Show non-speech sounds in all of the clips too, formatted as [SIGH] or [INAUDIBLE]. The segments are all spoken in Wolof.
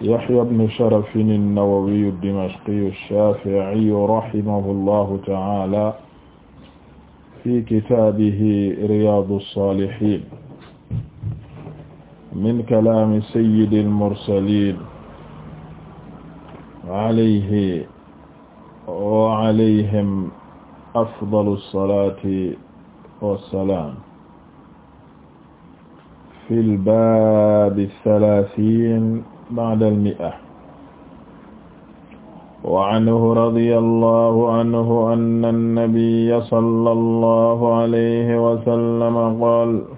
Yahya ibn Sharaf an-Nawawi ad-Dimashqi ash-Shafi'i rahimahu llahu ta'ala fi kitaabihi Riyaadu s-Saalihiin min kalaami sayyidi l-mursaliin alayhi wa alayhim afdalu s-salaati wa s-salaam fi l-baabi th-thalaathiin ba'da al-mi'a wa anhu radiyallahu anhu anna an-nabiyya sallallahu alayhi wa sallam qaala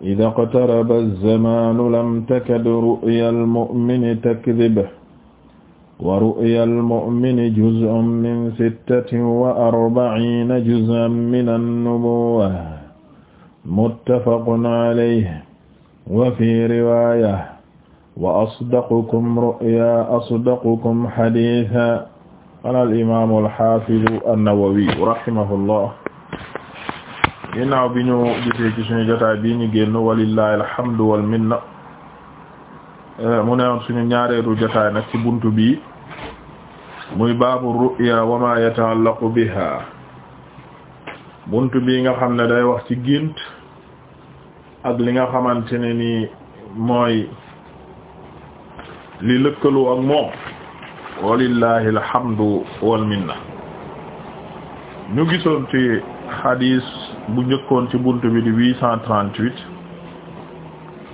idhaa iqtaraba az-zamaanu lam takad ru'ya al-mu'mini takdhibuhu wa ru'ya al-mu'mini juz'un min sittatin wa arba'iina juz'an mina an-nubuwwati muttafaqun alayhi wa fii riwaaya wa asdaqukum ru'ya asdaqukum haditha qaala al-imaam al-haafidu an-Nawawi rahimahullah ginnaaw bi ñu gisee ci jotaay bi ñu génn walillahi alhamdu wal minna eh, mu newoon suñu ñaareelu jotaay nag ci buntu bi muy baabu ru'ya wa ma yata'allaqu biha buntu bi nga xam ne day wax ci gént li nga xamante ne ni mooy li lëkkaloo ak moom walillahi alhamdu wal minna ñu gisoon ci xadiis bu njëkkoon ci bunt bi di huit cent trente-huit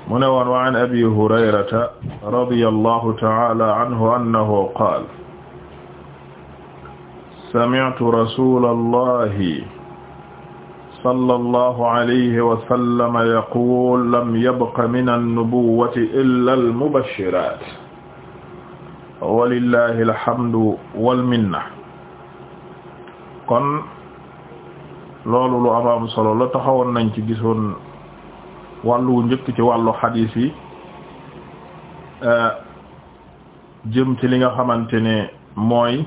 mu ne woon wa an abi hurayrata radiyallahu ta'ala anhu annahu qaala sami'tu rasulallahi sallallahu alayhi wa sallam yaqul lam yabqa min an-nubuwwati illa al-mubashshiraat walillahi alhamdu wal minna kon loolu lu am am solo la taxawoon nañ ci gisoon wàllu njëkk ci wàllu xadiis yi euh, jëm ci li nga xamante ne mooy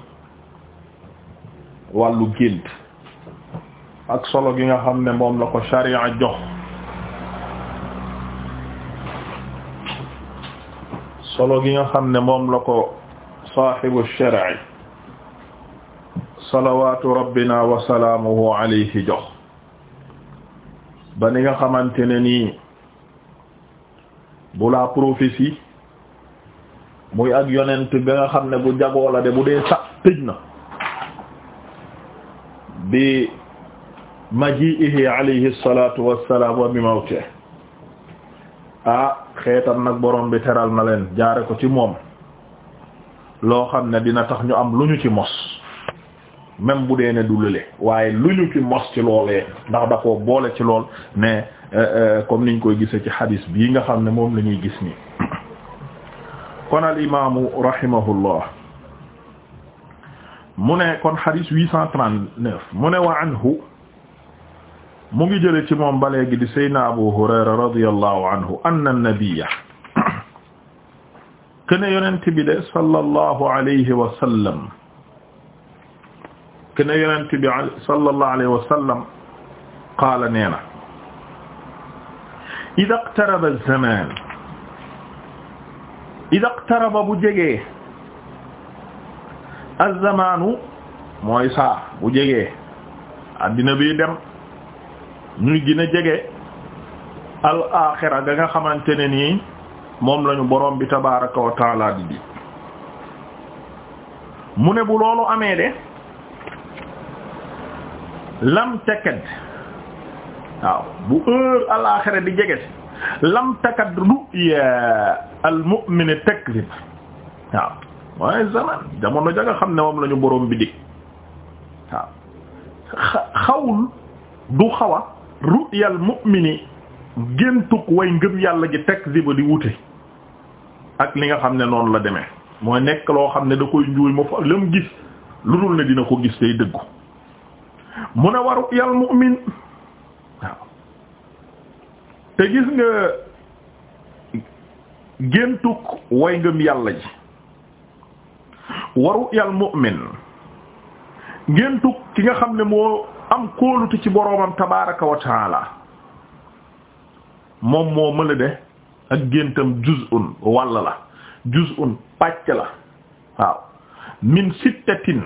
wàllu gént ak solo gi nga xam ne moom la ko sharia jox solo gi nga xam ne moom la ko saahibu shar'i salawaatu rabbina wa salaamuhu alayhi jox ba ni nga xamante ne nii bu la prophétie muy ak yonent bi nga xam ne bu jagoo de bu dee sax tëj na bi majiihi alayhi salaatu wassalaam wa bi mawte ah xeetam nag borom bi teral na leen jaare ko ci moom loo xam ne dina tax ñu am lu ñu ci mos même bu dee ne du lële waaye lu ñu ci mos ci loolee ndax da boole ci lool ne euh, euh, comme niñ koy gisee ci xadis bii nga xam ne moom la ñuy gis nii kon al imaamu rahimahullah mu ne kon xadis huit cent mu ne wa anhu mu ngi jële ci moom ba léegi di saydna abu hurayra radiyallahu anhu anna kene yonent bi de sallallahu alayhi wa sallam kene yonent bi sallallahu alayhi wa sallam qaala nee na ida iqtaraba az-zamaan ida iqtaraba bu jegee az-zamaanu mooy saa bu jegee addina bi dem ñu gën a jege al-aaxira ga nga xamante ne nii moom lañu borom bi tabaaraka wa taala di di mu ne bu loolu amee de lam takad waaw bu heure alaaxira di jege lam takad ru'ya al mu'min takdhib waaw waaye zaman jamono ja nga xam ne moom lañu borom bi di waaw xawul du xawa ru'ya al mu'mini géntug way ngëm yàlla ji takdhib di wute ak li nga xam ne noonu la deme mooy nekk loo xam ne da koy njuuy ma fa lam gis lu dul ne dina ko gis tey dëggu mu ne waru yal mu'min waaw te gis nga géntuk way ngëm yàlla ji waru yal mu'min géntuk ki nga xam ne moo am kóolute ci boroomam tabaraka wa taala moom moo mën a de ak géntam juz'un wàll la juz'un pàcc la waaw min sittatin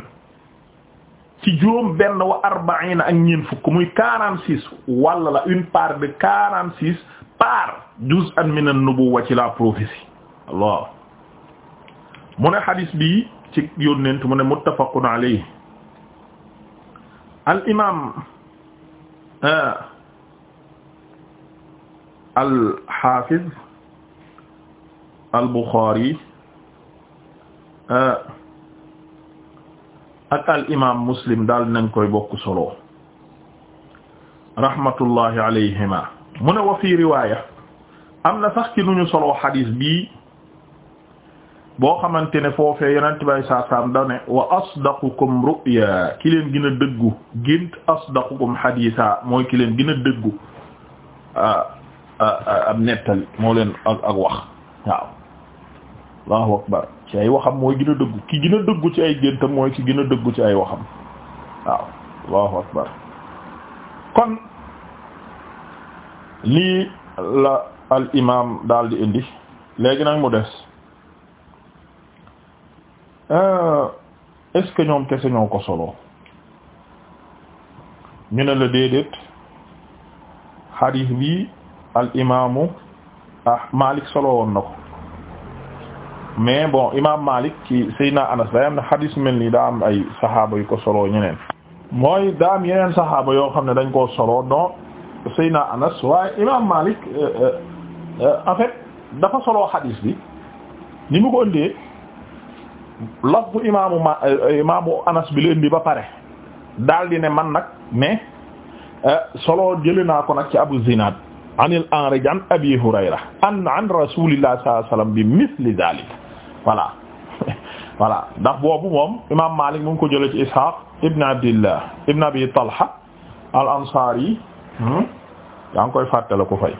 ci juróom benn wa arbaina ak ñeent fukk muy la une part de quarante six part juz'an min an-nubuwwa la prophétie Allah mu bi ci yónnent mu ne muttafaqun alayhi al euh, al-Bukhari euh, ak al imaam Muslim daal nañ koy bokk solo rahmatullahi alayhima mu wa fi riwaaya am na sax ci nu ñu solo xadiis bii boo xamante ne foofee yonent bay saa saam da ne wa asdaqukum ru'ya ki leen gën a dëggu gént asdaqukum xadiisa mooy ki leen gën a dëggu euh, euh, ab nettali moo leen ak ak wax allahu akbar ci ay waxam mooy gën a dëggu ki gën dëggu ci ay géntam mooy ci gën a dëggu ci ay waxam waaw allahu akbar kon lii la al imam daal di indi léegi nag mu des euh, est-ce que ñoom kese ñoo ko solo ñu ne la déedéet xadiis bi al imaamu ah Maalik solo woon na ko mais bon imam Malik ci Seydina Anas day am na xadis mel nii daa am ay saxaaba yu ko solo ñeneen mooy daa am yeneen saxaaba yoo xam ne dañ ko solo donc Seydina Anas waaye imam Malik euh, euh, euh, en fait dafa solo xadis bi ni mu ko ëndee lafdu imaamu ma Anas bi la ëndi ba pare daal di ne man nag mais solo jëlee naa ko nag ci Abu Zinad an al-A'raj an Abi Hurayra an an Rasulillah sallallahu alayhi wasallam bi misli dalik voilà [LAUGHS] voilà ndax boobu moom imaam Maalik mu ko jëlee ci Ishaq ibn Abdillah ibn Abi Talha al Ansari hmm? yaa ngi koy fàttale ko fay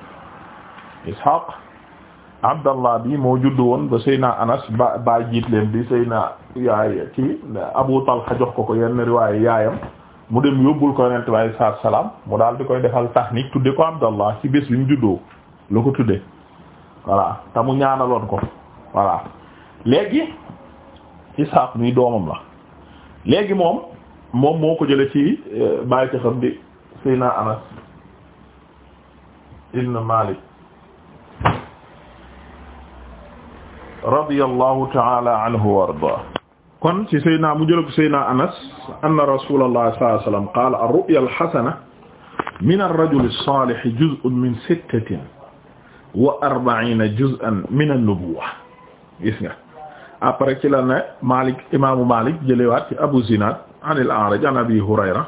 Ishaq Abdallah bi moo judd woon ba Seyna Anas ba baay jiit leen bi Seyna yaay ci Abu Talha jox ko ko yenn riwaaye yaayam mu dem yóbbul ko Yonent bi alayhi salaatu salaam mu daal di koy defal tax tahnik tudde ko Abdallah ci bés bi ñu juddoo la ko tudde voilà te mu ñaanaloon ko voilà léegi Isaaq mi doomam la léegi moom moom moo ko jële ci euh, bàyyi ci xam di Seydina Anas ibn Malik radiyallahu ta'ala anhu wa ardaa kon ci Seydina mu jële ko Seydina Anas anna Rasulullah sallallahu alayhi wa sallam qaala ar-ru'ya al-hasana min ar-rajuli as-salihi juz'un min sittatin wa arba'ina juz'an min an-nubuwwa gis nga après ci la ne Malik imaamu Malik jëlewaat Abu Zinad an al-A'raj an Abi Hurayra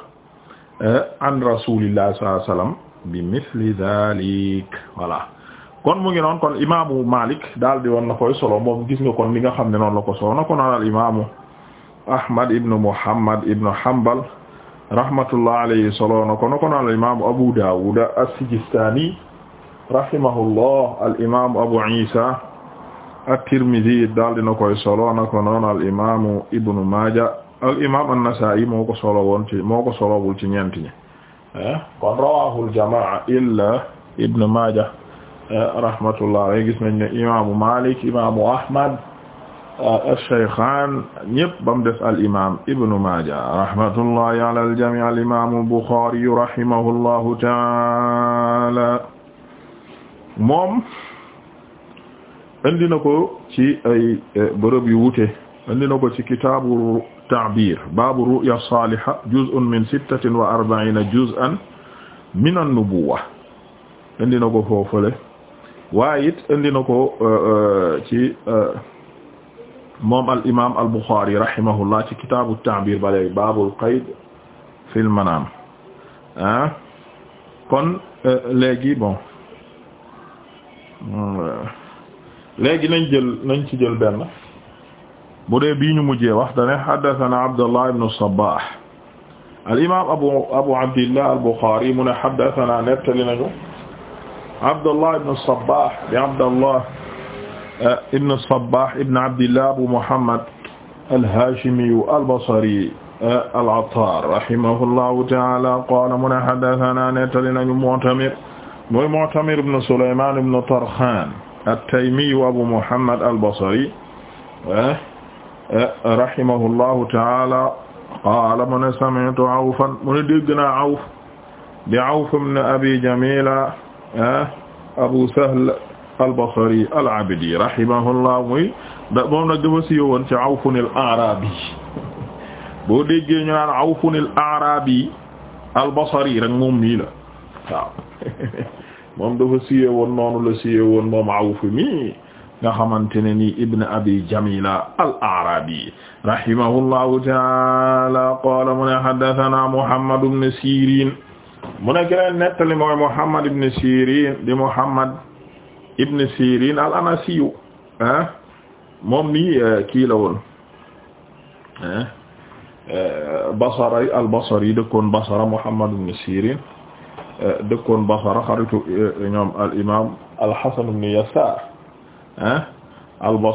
eh, an Rasulillah bi misli dalik kon mu ngi noon kon imaamu Malik daal di woon koy solo moom gis nga kon li nga xam ne noonu la ko solo na ko Ahmad ibn Muhammad ibn Hanbal rahmatullah alayhi solo na ko na ko naan al imaamu Abu Dawud as-Sijistani rahimahullah al imaamu Abu Isa at-Tirmidhi daal dina koy solo na ko noon al imaamu Ibnu Maaja al imaam an-Nasaa'i moo ko solo woon ci moo ko solowul ci ñeent ñi eh, kon rawahul jamaa illa Ibnu Maaja eh, rahmatullah alayhi gis nañ ne imaamu Maalik imaamu Ahmad eh, ash-shaykhaan ñëpp bam des al imaam Ibnu Maaja rahmatullahi ala al-jamii' al imaamu Buxaari rahimahullahu ta'ala moom indi na ko ci ay e, bërëb yu wute indi na ko ci kitaabu ta'bir baabu ru'ya saliha juz'un min sittatin wa arba'ina juz'an min an-nubuwwa indi na ko foofule waaye it indi na ko e, e, ci moom al imaam al buxaari rahimahullah ci kitaabu ta'bir ba léegi baabul qayd fil manaam ah kon léegi bon. Euh, léegi nañ jël nañ ci jël benn bu dee bii ñu mujjee wax dane xadathana abdullah ibnu sabah al imam abu abu abdillah al buxaari mu ne xadathana nettali nañu abdullah ibnu sabah di abdullah eh, ibnu sabah ibnu abdillah abu muhammad al hashimi al basri eh, al attar rahimahullahu taala qaala mu ne xadathana nettali nañu mu'tamir mooy mu'tamir ibnu sulayman ibnu tarxaan at-Taymi wa Abu Muhammad al-Basri eh, eh, rahimahullahu ta'ala qaala mu ne sami'tu Awfan mu ne dégg naa Awf di Awf ibn Abi Jamila eh, Abu Sahl al-Basri al-Abdi rahimahullah muy da moom nag dafa siiw woon ci Awfun al-A'rabi boo déggee ñu naan Awfun al-A'rabi al-Basri rek moom nii la waaw [LAUGHS] moom dafa siye woon noonu la siye woon moom Awf mi nga xamante ne ni Ibn Abi Jamila al-A'rabi rahimahullahu ta'ala qala mu ne haddathana Muhammad ibn Sirin mu ne keneen nettali mooy Muhammad ibn Sirin di Muhammad ibn Sirin al-Anasi ah moom ni eh, kii la woon eh, eh, Basra al-Basri dëkkoon Basra Muhammad ibn Sirin dëkkoon Basra xaritu eh, ñoom al imaam al-Hasan ibn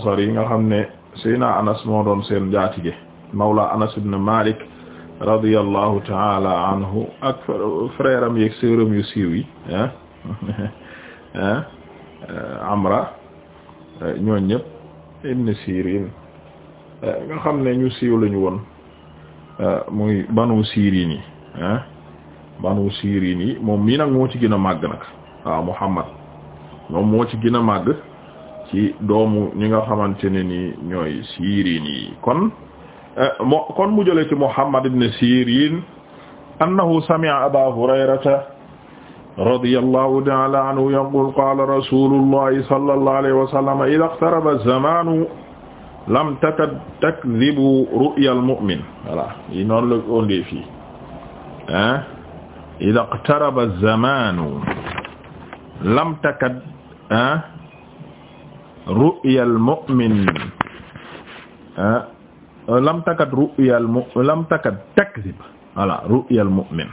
ah, yi nga xam ne Seydina Anas moo doon seen jaatige mawla Anas ibn Malik radiyallahu ta'ala anhu ak frère am yu siiw yi ah, [LAUGHS] ah eh, Amra eh, ñooñ ñëpp ibn Sirin nga xam ne ñu siiw lañu banu Sirin banu sirin yi moom mii nag moo ci gën a màgg nag waaw moom moo ci gën a màgg ci doomu ñi nga xamante ne ni ñooy sirin yi kon eh, mo kon mu jële ci Muhammad ibn Sirin annahu sami'a Aba Hurayrata radiyallahu ta'ala anhu yaqul qala rasulullahi sallallahu alayhi wa sallam idha iqtaraba az-zamanu lam ru'ya al ida qtaraba zamanu lam takad ru'ya almu'min lam takad ru'ya almu lam takad takdib voilà ru'ya almu'min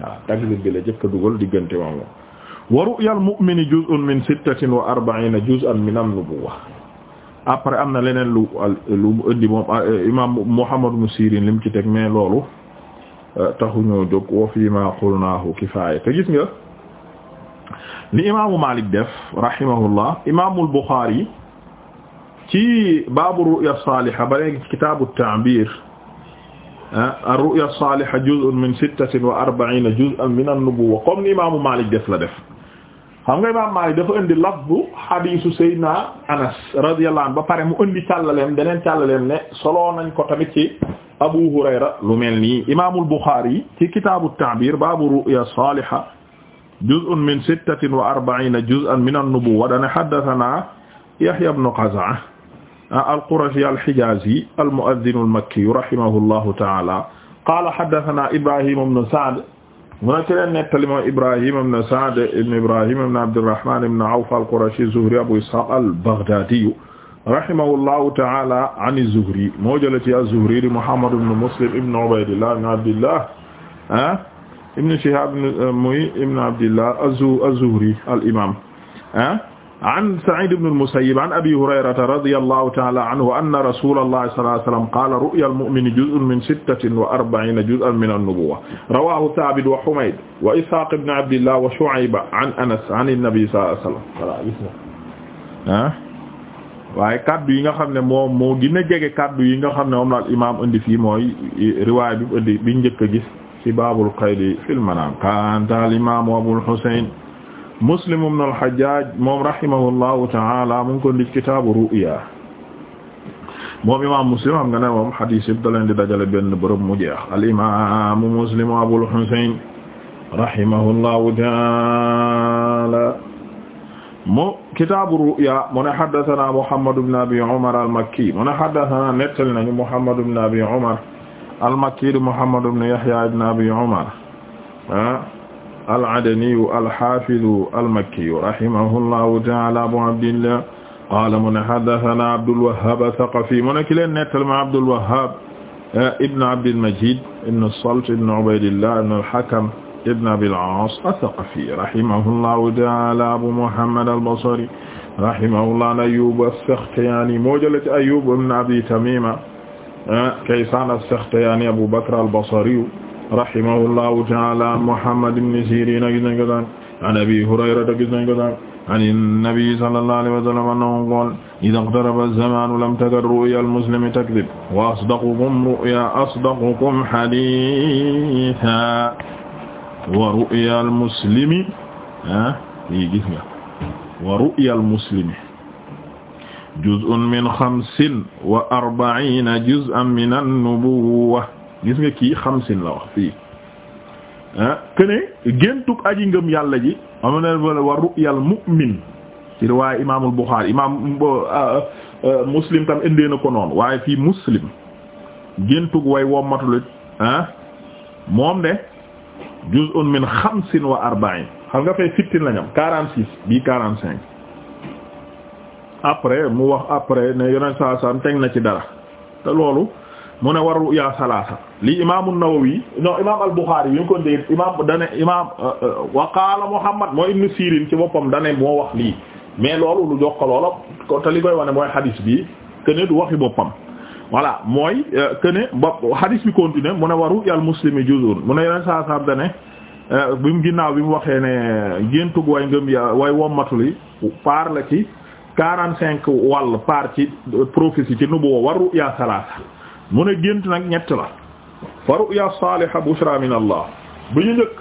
voilà takdib bi la jëkk a dugal diggante moom wa ru'ya almu'mini juz'un min sittatin wa arba'ina juz'an min an-nubuwwa après am na leneen lu lu indi moom imam Muhammad ibn Sirin lim ci teg mais loolu taxuñoo jóg wa fii ma qulnaahu kifaaya te gis nga li imaamu Maalik def rahimahullah imaamul Buxaari ci baabu ru'ya saaliha ba léegi ci kitaabu ta'biir ah, ar-ru'ya saaliha juz'un min sittatin wa arba'iina juz'an min an-nubuwwa comme ni imaamu Maalik def la def xam nga imaam Maalik dafa indi lafdu hadiisu Seydina Anas radiyallahu anhu ba pare mu indi càllaleem beneen càllaleem ne soloo nañ ko tamit ci Abu Hurayra lu mel nii imaamul Buxaari ci kitaabu at-Ta'biir baabu ru'ya saaliha juz'un min sittatin wa arba'iina juz'an min an-nubuwwa dana haddathanaa Yahya ibn Qaz'a al-Qurashi al-Hijaazi al-mu'azzin al-makki rahimahullahu ta'aala qaala haddathanaa Ibraahiim ibn Sa'd mu ne ki leen nettali moom Ibrahim ibn Sa'd ibn Ibrahim ibn Abdurrahman ibn Awf al-Qurashi az-Zuhri Abu Ishaq al-Baghdadi rahimahullahu ta'ala an az-Zuhri moo jëlee ci az-Zuhri di Muhammad ibn Muslim ibn Ubaydillah ibn Abdillah ah ibn Shihab muy ibn Abdillah az-Zuhri al-imam ah an Sa'id ibn al-Musayyib an Abi Hurayrata radiyallahu ta'ala anhu anna rasulallahi sallallahu alayhi wa sallam qaala ru'yal mu'mini juz'un min sittatin wa arba'ina juz'an min an-nubuwwa rawahu Thabit wa Humayd wa Ishaq ibn Abdillah wa Shu'ayba an Anas an an-nabi sallallahu alayhi wa sallam ah waaye kaddu yi nga xam ne moom moo gën a jege kaddu yi nga xam ne moom laal imaam indi fii mooy riwaay bi indi bi njëkk a gis ci baabul qaydi fil manaam qaala al-imaam Abul Husayn Muslim ibn al-Hajjaj moom rahimahullahu ta'ala mu ngi ko ndi kitaabu ru'ya moom imaam Muslim xam nga ne moom hadis yëpp da leen di dajale benn bërëb mu jeex al-imaam Muslim Abul Husayn rahimahullahu ta'ala mu kitaabu ru'ya mu ne haddathana Muhammad ibn Abi Umar al-Makki mu ne haddathana nettali nañu Muhammad ibn Abi Umar al-Makki Muhammad ibn Yahya ibn Abi Umar ah al-Adaniyu al-Haafidu al-Makkiyu rahimahullahu ta'aala Abu Abdillah qaala mu ne haddasanaa Abdul Wahhaab ath-Thaqafi mu ne ki leen nettali ma Abdul Wahhaab eh, ibn Abdil Majiid ibn as-Salt ibn Ubaydillah ibn al-Hakam ibn Abil Aas ath-Thaqafi rahimahullahu ta'aala Abu Muhammad al-Basri rahimahullah an Ayyub as-Sakhtiyani moo jële ci Ayyub ibn Abi Tamiima eh, Kaysaan as-Sakhtiyani Abu Bakr al-Basri rahimahullahu ta'ala Muhammad ibn Sirin gis nañ ko daan an Abi Hurayrata gis nañ ko daan an an-nabi sallallahu alayhi wa sallam annahu qaala idha iqtaraba az-zamanu lam takad ru'ya al-muslimi takdhib wa asdaqukum ru'ya asdaqukum haditha wa ru'ya al-muslimi ah yi gis nga wa ru'ya al-muslimi juz'un min khamsin wa arba'ina juz'an min an-nubuwwa gis nga kii xamsin la wax fii ah kene aji ngëm yàlla ji am na wala wa ru'yal mu'min ci riwaaya imaamul Buxaari imaam ah, ah, ah, muslim tam indee na ko noonu waaye fii muslim géntug way wommatulit ah moom de juz'un min xamsin wa arba'in xam nga fay fifteen la quarante six bii quarante cinq après mu wax après ne yoneen saa saam teg na ci dara te loolu mu ne war ru'ya salaasa li imaamu Nawawi non imaam al-Bukhari bi ñu ko dégg imaam dane imaam euh, euh, wa qaala Muhammad moo ibnu Sirin ci boppam dane moo wax lii mais loolu lu jox ko loola te li koy wane mooy hadis bi que ne du waxi boppam. voilà mooy euh, que ne ba hadis bi continué mu ne wa ru'ya al-muslimi juz'un mu ne yeneen saa saa dane bi mu ginnaaw bi mu waxee ne géntug way ngëm ya way wommatul yi par la ci quarante cinq wàll par ci prophétie ci mu ne gént nag ñett la fa ru'ya saaliha bushra min allah bu ñu njëkk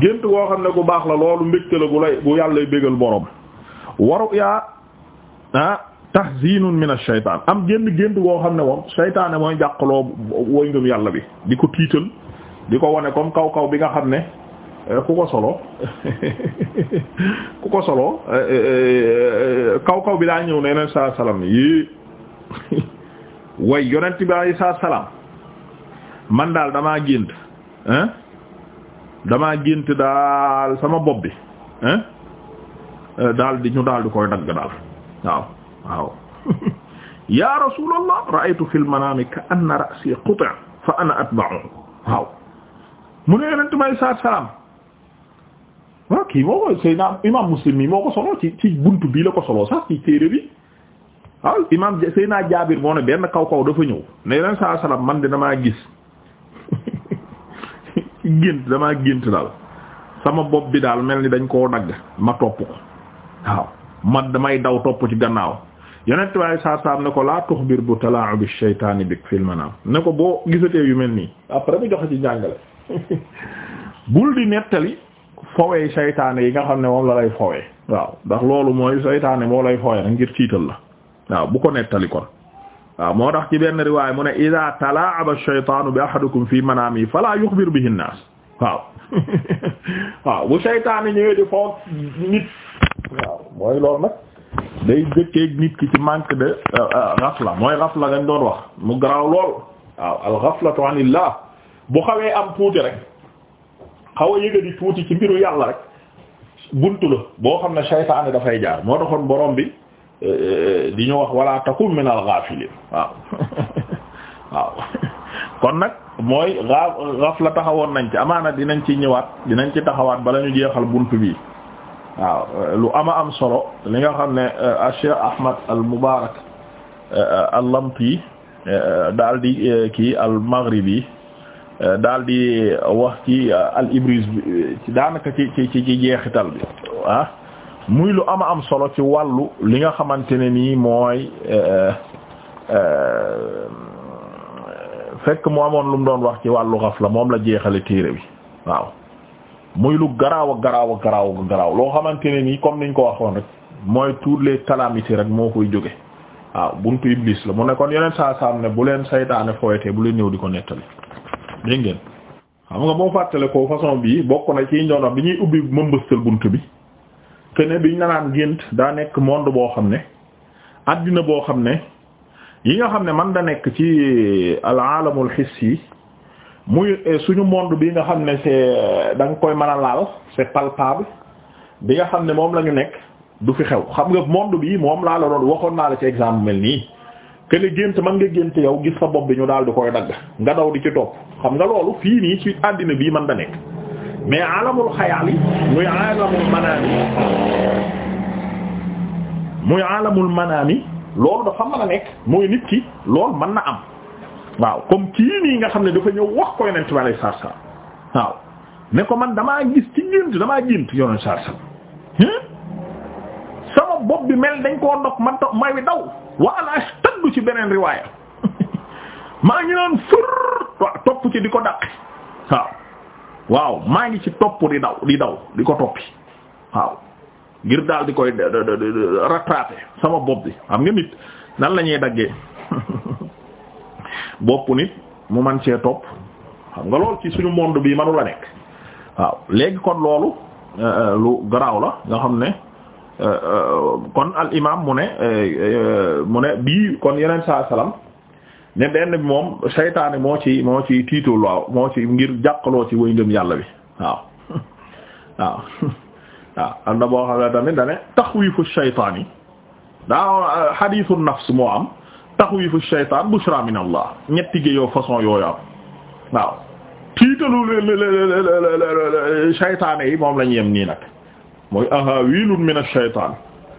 gént goo xam ne gu baax la loolu mbégte la gu lay gu yàllay bégal borom wa ru'ya ah tahzinun min ash-shaytaan am génn gént goo xam ne moom seytaane mooy jàqaloo woy ngëm yàlla bi di ko tiital di ko wone comme kaw kaw bi nga xam ne eh, ku ko solo [LAUGHS] ku ko solo eh, eh, kaw kaw bi daa ñëw ne yeneen saa salaam yi way yonent bi alayhi salaam man daal damaa gént gént daal sama bopp bi hein euh, daal di ñu daal di koy dagg daal waaw waaw [LAUGHS] ya rasulallah ra'aytu fil manami ka anna ra'si mu ne yonent bi alayhi salaam waaw Muslim mi moo ko ci ci bii la ko solo ci téere bi waaw imaam Seydina Jaabir moo ne benn kaw kaw dafa ñëw ne leen saa salaam man di damaa gis [LAUGHS] gént damaa gént daal sama bopp bi daal mel ni dañ koo dagg ma topp ko waaw man damay daw topp ci gannaaw yonent waaye saa salaam ne ko laa tuxbir bu talaa'ub ash-shaytaani bi fil manaam ne ko boo gisatee yu mel nii après mu joxe ci njàngale [LAUGHS] bul di nettali fowee seytaane yi nga xam ne moom la lay fowee waaw ndax loolu mooy seytaane moo lay fowee na ngir tiital la waaw bu ko nettali kon moo tax ci benn riwaay mu ne ida talaaba ash-shaytaanu bi ahadikum fi manaami fala yuxbir bihi an-naas waaw [LAUGHS] waaw bu seytaane ñëwee di foog nit waaw mooy loolu nag day dëkkeeg nit ki ci manque de euh, euh, ghafla mooy ghafla dañ doon wax mu garaaw lool waaw al-ghaflatu anillah bu xawee am tuuti rek xaw a yëga di tuuti ci mbiru yàlla rek buntu la boo xam ne seytaane dafay jaar moo taxoon borom bi di ñu wax wala takun min al ghafilin waaw [LAUGHS] waaw kon nag mooy gaaf la taxawoon nañ ci amaana dinañ ci ñëwaat dinañ ci taxawaat bala ñu jeexal bunt bi waaw lu ama am solo li nga xam ne euh, Cheikh Ahmad al Mubarak euh, al yi euh, daal di kii al Maghribi daal di wax ci al Ibriz bi daanaka ci ci ci jeexital bi ah. muy lu ama am solo ci wàllu li nga xamante ne nii mooy eh, eh, fekk mu amoon lu mu doon wax ci wàllu la moom la jeexale téere bi waaw muy lu garaaw a garaaw a garaaw a loo xamante ne nii comme niñ ko waxoon rek mooy toutes les calamités rek moo koy jóge waaw buntu iblis la mu ne kon yeneen saa saam ne bu leen saytaane fooyatee bu leen ñëw di ko nettali dégg ngeen xam nga boo fàttale koo façon bii bokk na ci ñoom bi ñuy ubbi mëmbëstal bunt bi que ne biñ la naan gént daa nekk monde boo xam ne àddina boo xam ne yi nga xam ne man da nekk ci euh, alaalamul hissi muy euh, suñu monde bi nga xam ne c'est da koy mën a laal c'est palpable bi nga xam ne moom la ñu nekk du fi xew xam nga monde bi moom laa la doon waxoon naa la ci exemple mel nii que ne gént man nga gént yow gis sa bopp bi ñu daal di koy dagg nga daw di ci topp xam nga loolu fii nii ci àddina bii man da nekk mais alamul xayaal yi muy alamul manaami muy alamul manaami loolu dafa mën a nekk mooy nit ki lool mën na am waaw comme kii nii nga xam ne dafa ñëw wax ko yonent bi alayhi waaw ne ko man damaa gis ci gént damaa gént yonent salaatu salaam hmm? sama bopp bi mel dañ koo ndog man may wi daw wa ana ashtaddu ci beneen riwaaya [LAUGHS] maa ngi noon fër topp ci di ko daq waaw waaw maa ngi ci topp di daw di daw di ko toppi waaw ngir daal di koy rattraper sama bopp bi xam nga nit nan la ñuy daggee [LAUGHS] bopp nit mu man cee topp xam nga lool ci suñu monde bii manu la nekk waaw léegi kon loolu euh, euh, lu garaaw la nga xam ne euh, kon al imam mu ne mu ne bii kon yeneen saa salaam ne benn bi moom seytaane moo ci moo ci tiitul moo ci ngir jàqaloo ci way ngëm yàlla bi waaw [LAUGHS] waaw [LAUGHS] waaw am na boo xam ne tamit dane yi daa xadiisu nafs moo am taxwiifu seytaan bushra min allah ñetti géeyoo façon yooyu am waaw tiitalu seytaane yi moom lañu yem nii nag mooy ahawilun min ash-shaytaan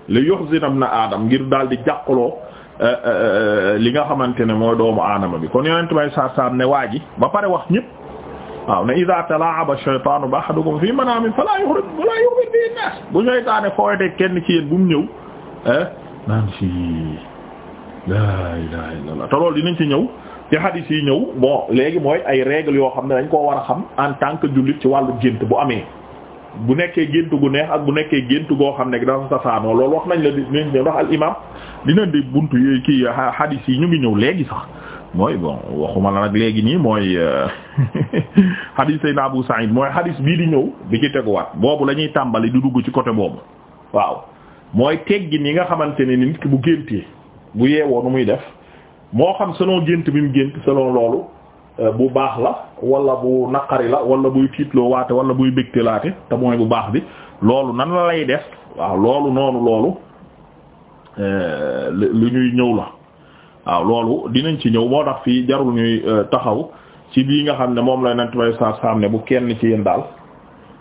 li yuhzina ibn aadam ngir daal di jàqaloo Euh, euh, euh, li nga xamante ne mooy doomu aanama bi kon yonent may saar-saar ne waa ji ba pare wax ñëpp waaw ne iza tala'aba shaytaanu bi ahadikum fi manaami falaa yuxrij falaa yuxrij bihi naas bu shaytaane fooyte kenn ci yéen bu mu ñëw eh, naan si laa ilaaha illallaah te dinañ ci ñëw ci hadith yi ñëw bon léegi mooy ay règles yoo xam ne dañ koo war a xam en tant que jullit ci wàllu gént bu amee bu nekkee gént gu neex ak bu nekkee gént goo xam ne dafa safaanoo loolu wax nañ la dinañ ñëw ndax al imam dina di bunt yooyu kii hadith yi ñu ngi ñëw léegi sax mooy bon waxuma la nag léegi nii mooy hadith naa bu Sa'id mooy hadith bii di ñëw di ci teguwaat boobu la ñuy tàmbali di dugg ci côté boobu waaw mooy teggin yi nga xamante ne nit ki bu géntee bu yeewoo nu muy def moo xam selon gént bi mu gént selon loolu Euh, bu baax la walla bu naqari la wala buy tiitloo waate wala buy bégte laate te mooy bu baax bi loolu nan la lay def waaw loolu noonu loolu euh, lu ñuy ñëw la waaw loolu dinañ ci ñëw moo tax fii jarul ñuy euh, taxaw ci bii nga xam ne moom lay nent way ne bu kenn ci yéen daal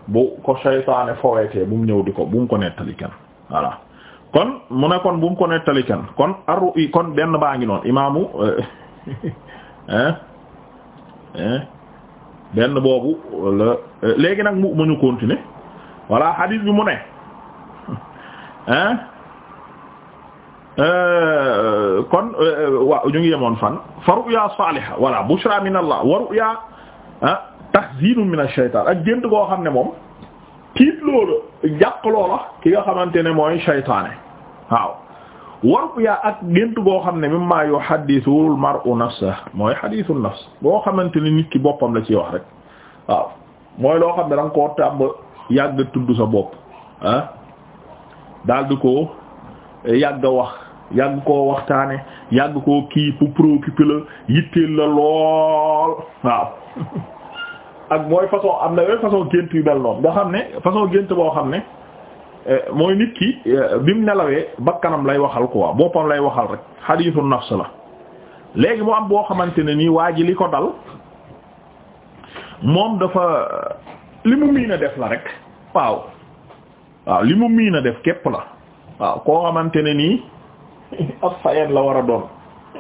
bu ko seytaane fowetee bu mu ñëw di ko bu mu ko nettali kenn voilà kon mu ne kon bu mu ko nettali kenn kon aru kon benn baa ngi noon imaamu [LAUGHS] benn boobu la léegi nag mu mu ñu continuer voilà hadith bi mu ne euh, kon euh, waaw ñu ngi yemoon fan fa ru'ya saliha voilà bushra min allah wa ru'ya tahzinun min ash-shaytan ak gént goo xam ne moom tiit loola jàq loola ki nga xamante ne mooy shaytaane waaw warub yaa ak gént goo xam ne mimma yuhaddithul mar'u nafsa mooy hadithun nafs boo xamante ne nit ki boppam la ciy wax rek waaw mooy loo xam ne da nga koo tàmb yàgg tudd sa bopp ah, daal di ko yàgg a wax yàgg koo waxtaane yàgg koo kii pour préoccuper la yitteel la lool waaw [LAUGHS] ak mooy façon am na yooyu façon gént yu mel noonu nga xam ne façon gént boo xam ne Euh, mooy nit ki euh, bi mu nelawee bakkanam lay waxal quoi boppam lay waxal rek xadiisu nafs la léegi mu am boo xamante ne nii waa ji li ko dal moom dafa li mu miin a def la rek waaw waaw li mu miin a def képp la waaw koo xamante ne nii [LAUGHS] ab fayeen la war a doon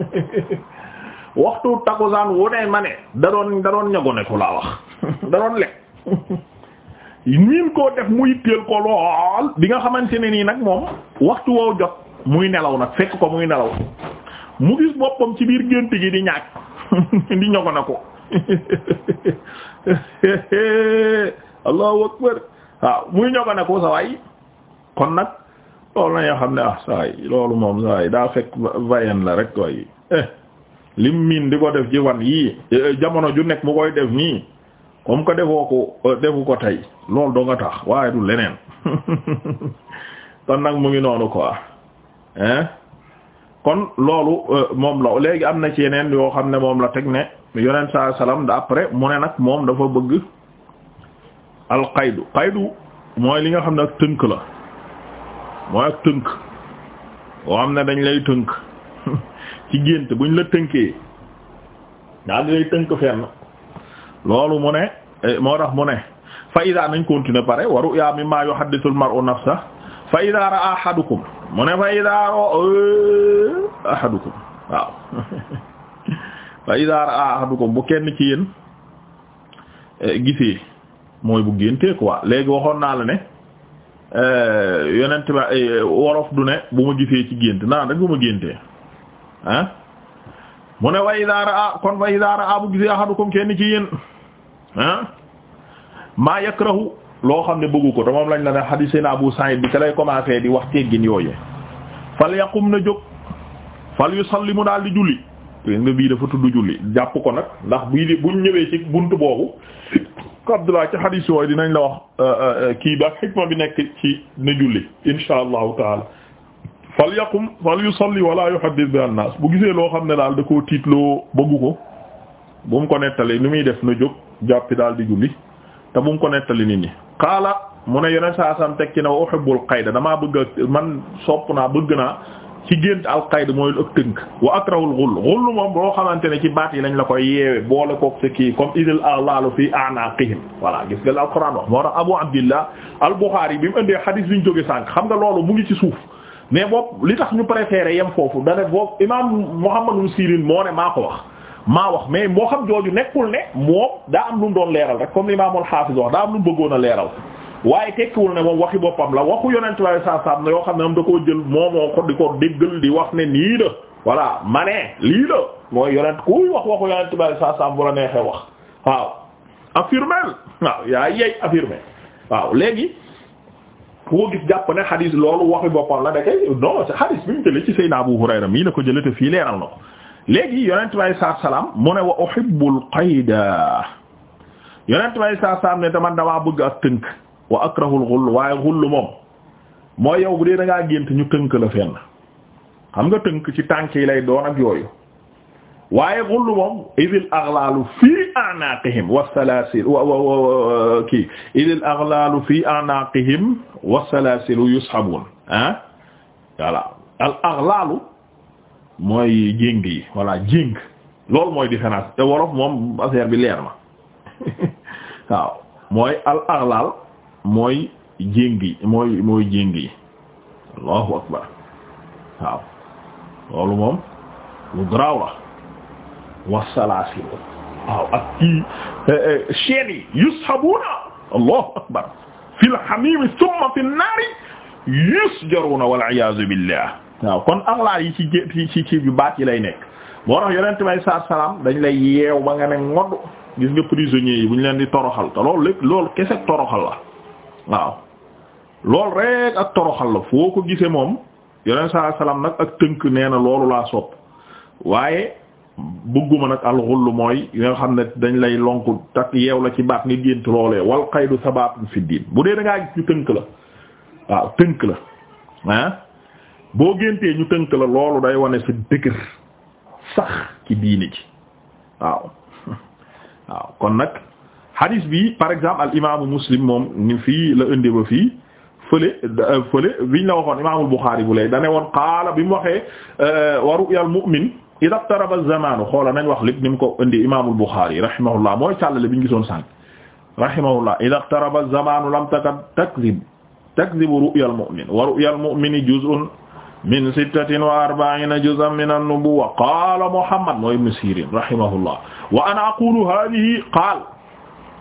[LAUGHS] waxtu takusaan wu ne ma ne da doon da doon laa wax [LAUGHS] da doon lekk niin koo def mu yitteel ko lool bi nga xamante ne nii nag moom waxtu wow jot muy nelaw nag fekk ko muy nelaw mu gis boppam ci biir gént gi di ñaag [LAUGHS] di ñogo na ko [LAUGHS] allahu akbar waaw muy ñogo na ko sa kon nag loolu la nga xam ne ah saa loolu moom saa daa fekk vayen la rek koy eh, lim miin di ko def ci wan yii eh, jamono ju nekk mu koy def nii comme que defoo ko euh, defu ko tey loolu doo nga tax waaye du leneen [LAUGHS] kon nag mu ngi noonu ko hein kon loolu euh, moom la léegi am na ci yeneen yoo xam ne moom la teg ne yonent saa salaam da après mu ne nag moom dafa bëgg alqaydu qaydu mooy li nga xam ne ak tënk la mooy ak tënk boo xam ne dañ lay tënk [LAUGHS] ci gént buñ la tënkee daal di lay tënk fenn loolu mu ne eh, moo tax mu ne fa ida nañ continuer pare wa ru'ya mimma yuhaddithu al-mar'u nafsa fa ida ra'a ahadukum mu ne fa ida ra'a eh, ahadukum waaw [LAUGHS] bu kenn ci yéen eh, gisee mooy bu géntee quoi léegi waxoon naa la ne yonent ba worof du ne bu ma gisee ci gént naan rek bu ma géntee ah mu ne wa ida ra'a kon fa ida ra'a bu gisee ahadukum kenn ci yéen ah maa yakrahu loo xam ne bëggu ko te moom lañ la ne xadiis seen Abu Sa'id bi te lay commencé di wax teggin yooyu fal yaqum na jóg fal yusalli mu daal di julli te nga bii dafa tudd julli jàpp ko nag ndax bii di ñëwee ci bunt boobu Abdullah ci xadiis yooyu dinañ la wax euh, euh, kii ba xikma bi nekk ci ne julli insha allahu taala fal yaqum fal yusalli wala yuhaddith bi an bu gisee loo xam ne daal da koo tiitloo bëggu ko bu mu ko nettalee ni muy def na jóg jàppi daal di julli te bu mu ko nettali nit ñi xaala mu ne yeneen saa sam teg ci ne wa uhibbul qayda damaa bëgg a man sopp naa bëgg naa ci gént al qayd mooy ak tënk wa akrawul xull xull moom boo xamante ne ci baat yi lañ la koy yeewe boole koog sa kii comme idil aghlalu fi a'naqihim voilà gis nga la alquran wax moo tax abu abdillah al bukhari bi mu indee xadis bi ñu jóge sànq xam nga loolu mu ngi ci suuf mais boobu li tax ñu préféré yem foofu dane boobu imam muhammadum sirin moo ne maa ko wax maa wax mais moo xam jooju nekkul ne moom daa am lu mu doon leeral rek comme l'imam al-Hafiz wax daa am lu mu bëggoon a leeral waaye tekkiwul ne moom waxi boppam la waxu yonent waaye saa saam yoo xam ne am da koo jël moomoo ko di ko di wax ne nii la voilà ma lii la mooy yonent kuy wax waxu yonent waaye saa bu la neexee wax waaw affirmé waaw yaa yeey affirmé waaw léegi koo gis jàpp ne xadiis loolu waxi boppam la da kay non c'est la ko jëlee fii leeral léegi yonent bi alayhi salaatu salaam mu ne wa uhibbul qayda yonent bi alayhi salaatu salaam ne te man damaa bëgg ak tënk wa akrahul xull waaye xull moom mooy yow bu dee da ngaa gént ñu tënk la fenn xam nga tënk ci tànk yi lay doon ak yooyu waaye xull moom idil aghlalu fii anaqihim wa salaasil wa wa kii idil aghlalu fii anaqihim wa salaasil yushabuun ah voilà al aghlalu mooy jéng yi voilà jéng loolu mooy différence te wolof moom affaire bi leer na [LAUGHS] waaw mooy al aghlal mooy jéng yi mooy mooy jéng yi allahu akbar waaw loolu moom lu garaaw la wasalaasil waaw ak kii eh, eh, chaînes yi yushabuna allahu akbar fil hamimi thumma fin naari yusjaruna wal iyaazu billah waaw kon axlaar yi ci ci ci ci yu baat yi lay nekk moo tax yonent may saa salaam dañ lay yeew ba nga ne ngodd gis nga prisonniers yi bu ñu leen di toroxal te loolu lépp loolu kese toroxal la waaw loolu rek ak toroxal la foo ko gisee moom yonent saa salaam nag ak tënk nee na loolu laa sob waaye bëgguma nag alxull mooy yi xam ne dañ lay lonk tak yeew la ci baat ni gént loolee wal sa sabatun fi diin bu dee dangaa gis ñu tënk la waaw tënk la ah. boo géntee ñu tënk la loolu day wane sa dëgër sax ci diini ci [LAUGHS] waaw kon nag hadis bi par exemple al imaamu muslim moom ni fii la indi ba fii fële euh, fële biñ la waxoon imaamul buxaari bu lay dane woon qaala bi mu waxee euh, wa ru'yal mu'min idha iqtaraba az-zamanu xoola nañ wax lépp ni mu ko indi imaamul buxaari rahimahullah mooy càllale bi ñu gisoon sànq rahimahullah idha iqtaraba az-zamanu lam takad takzib takzibu ru'yal mu'min wa min sittatin wa arba'iina juz'an min an-nubuwwa qaala Muhammad mooy Ibn Sirin rahimahullah wa ana aqulu haadihi qaala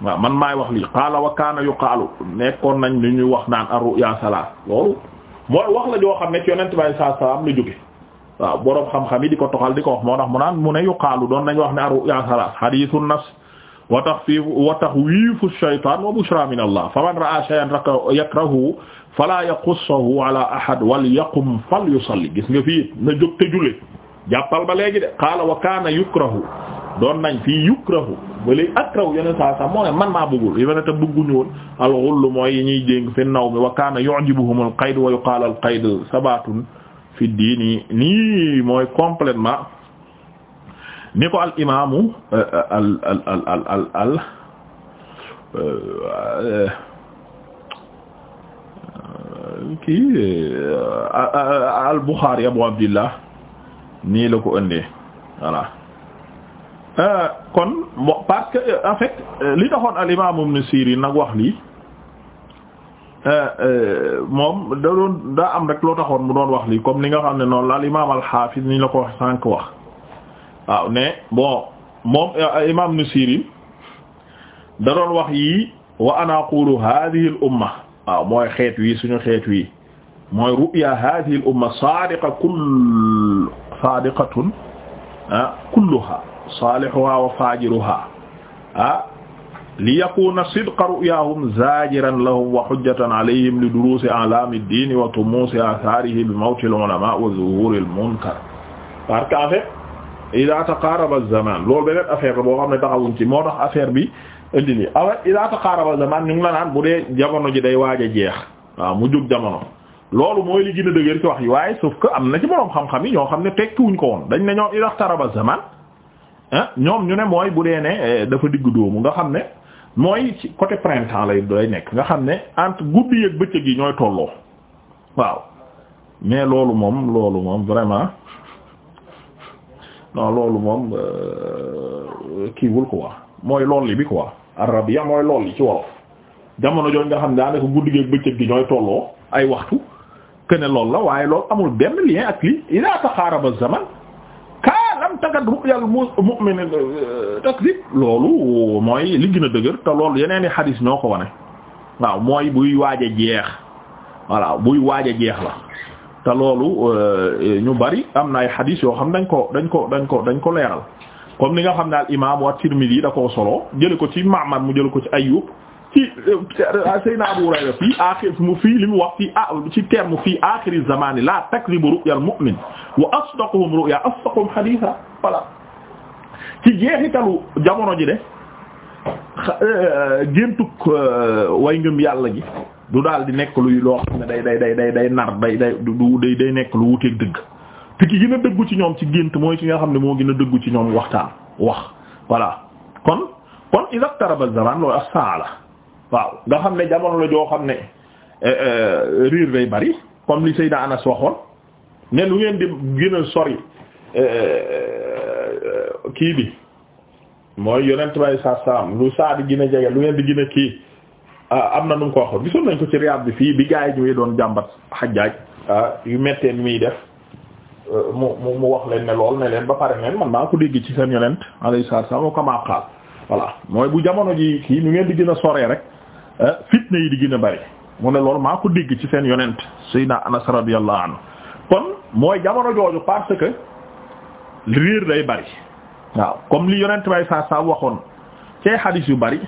waaw man maay wax lii qaala wa kaana yuqaalu nekkoon nañ lu ñuy wax naan ar-ru'ya salaas loolu mooy wax la joo xam ne ci yonent bay saa salaam la jóge waaw boroom xam-xam yi di ko toxal di ko wax moo tax mu naan mu ne yuqaalu doon nañ wax ne ar-ru'ya salaas hadiisun nafs wa taxfiif wa taxwiifu shaytaan wa bushraa min allah faman ra'a shay'an yakrahu falaa yaqussahu ala ahad wal yaqum fal yusalli gis nga fii na jóg te julli jàppal ba léegi de qaala wa kaana yukrahu doon nañ fii yukrahu ba léegi akrahu yeneen saa sax moo ne man maa bëggul yeneen te bëgguñu woon al-ghullu mooy yi ñuy jéng fi naw mi wa kaana yu'jibuhum al-qayd wa yuqaalu al-qayd sabatun fi diini nii mooy complètement ni ko al imaamu euh, euh, al al al al al euh, kii al Bukhari Abu Abdillah nii la ko ëndee voilà kon parce que en fait li taxoon al imaamu Ibn Sirin nag wax lii moom da daa am rek loo taxoon mu doon wax lii comme li nga xam ne noonu la al imaam al Hafiz nii la ko wax sànq wax. waaw ne bon moom eh, imam Ibn Sirin da doon wax yii wa ana aqulu hadhihi al umma waaw mooy xeet wi suñu xeet wi mooy ru'ya hadhihi al umma sadiqa kull sadiqatun ah kulluha salihuha wa fajiruha ah li yakuna sidqa ru'yahum zajiran lahum wa hujjatan alayhim li durusi a'lami ad-din wa tumusi atharihi bi mawti al ulama wa zuhuri al munkar parce que en fait ida taqaaraba zaman loolu beneen affaire la boo xam ne taxawuñ ci moo tax affaire bi indi li awa ida taqaaraba zaman ñu ngi la naan bu dee jamono ji day waaj a jeex waaw mu jóg jamono loolu mooy li gën a dëgër ci wax yi waaye sauf que am na ci boroom xam-xam yi ñoo xam ne tekkiwuñ ko woon dañ ne ñoom ida taqaaraba zaman ah ñoom ñu ne mooy bu dee ne eh, dafa digg dóomu nga xam ne mooy ci côté printemps lay doy nekk nga xam ne entre guddi ak bëccëg yi ñooy tolloo waaw loolu moom loolu moom vraiment non loolu moom euh, kiiwul wax mooy loolli bi quoi arabiya mooy loolli ci wolof jamono jooju nga xam daanaka guddi gi ak bëccëg gi ñooy tolloo ay waxtu que ne la waaye lool amul benn lien ak lii ila a zaman kaa lam takat ru'yal mu'min euh, takdib loolu mooy li gën dëgër te loolu yeneen i xadis ñoo ko wane waaw mooy buy waaj a jeex voilà buy waaj a jeex la te loolu euh, ñu bari am na ay xadiis yoo xam dañ ko dañ ko dañ ko dañ ko leeral comme li nga xam ne al imaam wa Tirmidhi da koo solo jële ko ci Ma'mar mu jële ko ci Ayyub ci euh, Seydina Abu Hurayra fii aaxir mu fii li mu wax fii ah, ci terme fii aaxiri zamani la takzibu ru'yal mu'min wa asdaquhum ru'ya asdaquhum haditha voilà ci jeexitalu jamono ji de euh, géntug way ngëm yàlla ji du daal di nekk luy loo xam ne day day day day day nar day day du day day nekk lu wuteeg dëgg te ki gën a dëggu ci ñoom ci gént mooy ci nga xam ne moo gën a dëggu ci ñoom waxtaan wax voilà kon kon iza taraba zaman loolu ak saa waaw nga xam ne jamono la joo xam ne eh, eh, riir day bari comme li Seydina Anas waxoon ne lu ngeen di gën a sori eh, kii bi mooy yonent bay sa saam lu saa di gën a jege lu ngeen di gën kii Ah, am na nu mu ko waxoon gisoon nañ ko ci Riyad bi fii bi gaa yi ñëwee doon jàmbat Hajjaj ah, yu mettee ni muy def euh, mu mu mu wax leen ne lool ne leen ba pare leen man maa ko dégg ci seen yonent alayhi salaam kama qaal mooy bu jamono ji kii nu ngeen di gën soree rek ah, fitna yi di gën a bari mu ne lool maa ko dégg ci seen yonent Seydina Anas radiyallahu anhu kon mooy jamono jooju parce que réer day bari waaw comme li yonent bay saa saa waxoon ci hadith yu bari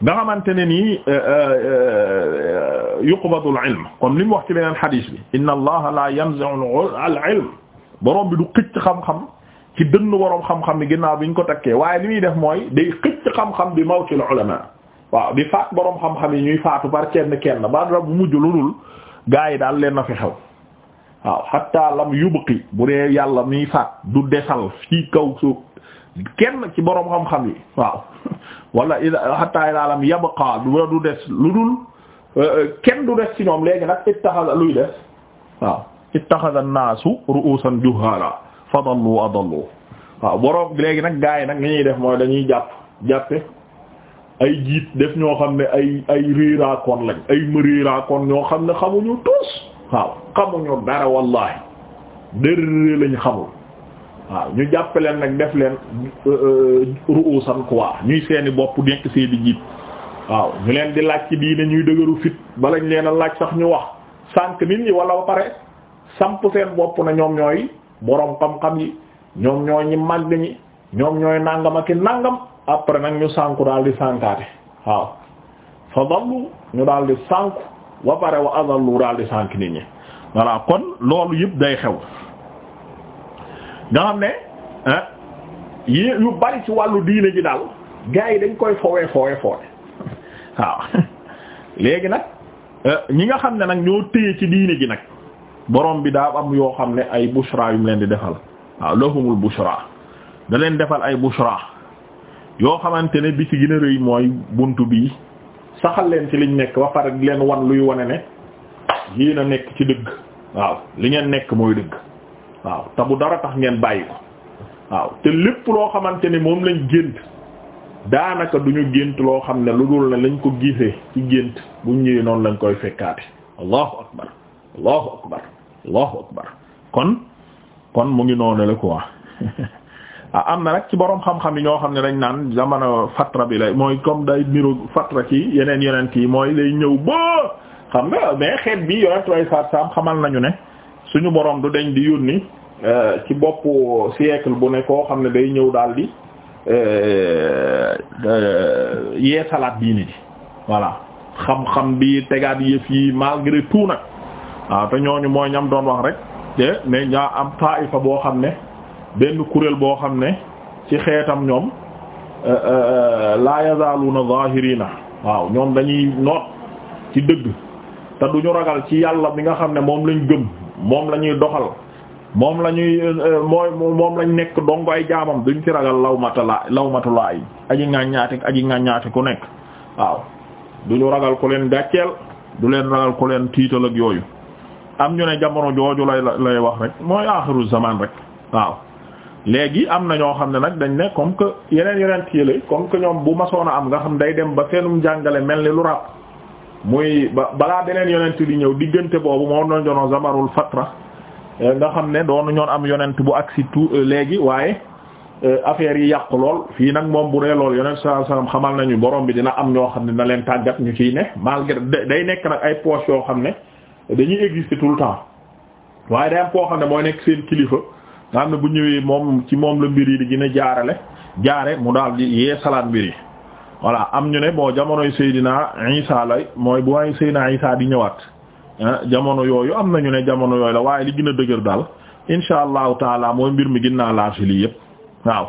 naa xamante ne nii euh, euh, euh, yuqbadu al-ilm comme li mu wax ci beneen xadiis bi inna allaha la yanzi'u al-ilm borom bi du xëcc xam-xam ci dënn borom xam-xam bi ginnaaw bi ñu ko takkee waaye li muy def mooy day xëcc xam-xam bi mawtil ulama waaw di faat borom xam-xam yi ñuy faatu par kenn kenn ba dara bu mujj lu gaa yi daal leen na fi xew waaw hatta lam yubqi bu dee yàlla mi faat du desal fii kaw suuf kenn ci boroom xam-xam yi waaw wala hatta ila lam yabqa du des lu dul euh, euh, kenn du des ci ñoom léegi nag ittaxada luy des waaw ittaxada an-naasu ru'uusan juhaala fadallu adallu waaw boroom léegi nag gaa yi nag li ñuy def mooy dañuy jàpp jàppe ay jiit def ñoo xam ne ay ay réeraakoon lañ ay mëréeraakoon ñoo xam ne xamuñu tous waaw xamuñu dara wallahi dërre lañ xamul waaw ñu jàpp leen nag def leen euh, euh, ru'usan quoi ñuy seeni bopp nekk seeni jiit waaw ñu leen di laaj ci diine ñuy dëgëru fit balañ leen a laaj sax ñu wax sànq nit ñi wala ba pare samp seen bopp na ñoom ñooy boroom xam-xam yi ñoom ñooy ñi màgg ñi ñoom ñooy nàngam ak i nàngam après nag ñu sànku daal di sànkaate waaw fa ñu daal di sànku ba pare wa adallu daal di sànk nit ñi voilà kon loolu yëpp day xew nga xam ne ah yu bari ci wàllu diine ji daal gars yi dañ koy fowe fowe fowe waaw [LAUGHS] léegi nag euh, ñi nga xam ne nag ñoo téye ci diine ji nag borom bi daa am yoo xam ne ay bushra yu mu leen di defal waaw lahumul bushra da leen defal ay bushra yoo xamante ne bi ci gën a rëy mooy bunt bii saxal leen ci liñ nekk ba pare leen wan luy wane ne yéen a nekk ci dëgg waaw li ngeen nekk mooy dëgg waaw te bu dara tax ngeen bàyyi ko waaw te lépp loo xamante ne moom lañ gént daanaka duñu gént loo xam ne lu dul ne lañ ko gisee ci gént bu ñëwee noonu lañ koy fekkaate allahu akbar allahu akbar allahu akbar kon kon mu ngi noonu la quoi [LAUGHS] ah am na rek ci boroom xam-xam yi ñoo xam ne dañ naan jamono fatra bi lay mooy comme day niro fatra ci yeneen yonent yi mooy lay ñëw ba xam nga mais xeet bi yonent way saat saam xamal nañu ne suñu borom du deñ di yónni euh, ci boppu siècle bu ne koo xam ne day ñëw daal di euh, euh, yeesalaat diini ji voilà xam-xam bi tegaat yëf yi malgré tout nag waaw ah, te ñooñu mooy ñam doon wax rek te ne ñaa am taifa boo xam ne benn kuréel boo xam ne ci xeetam ñoom la yazaluna na waaw ñoom dañuy noot ci dëgg te duñu ragal ci yàlla bi nga xam ne moom lañ gëm moom la ñuy doxal moom la ñuy euh, mooy moom lañ nekk dongo ay jaamam duñ ci ragal lawmatala lawmatulaay aji ŋàññaati aji ŋàññaati ku nekk waaw duñu ragal ku leen gàcceel du leen ragal ku leen tiital yooyu am ñu ne jamono jooju lay lay wax rek mooy aaxiru zaman rek waaw léegi am na ñoo xam ne nag dañ ne comme que yeneen yeneen téelé comme que ñoom bu masoon a am nga xam day dem ba seenum jàngale mel ni lu ràpp muy balaa beneen yonent di ñëw diggante boobu moo doon jono zamarul fatra eh, nga xam ne doonu ñoon am yonent bu agsi tout eh, léegi waaye eh, affaire yi yàqu lool fii nag moom bu dee lool yonent sallallahu alayhi wasallam xamal nañu borom bi dina am ñoo xam ne na leen tàggat ñu ciy ne malgré day nekk nag ay poche yoo xam ne dañuy exister tout le temps waaye day am koo xam ne mooy nekk seen kilifa nga xam ne bu ñëwee moom ci moom la mbir yi di gën a jaarale jaare mu daal di yee salaan mbir voilà am ñu ne bon jamonoy Seydina Isa la mooy bu waaye Seydina Isa di ñëwaat jamono yooyu am na ñu ne jamono yooyu la waaye li gën a dëgër daal insha allahu taala mooy mbir mi naa ginnaa si lii yëpp waaw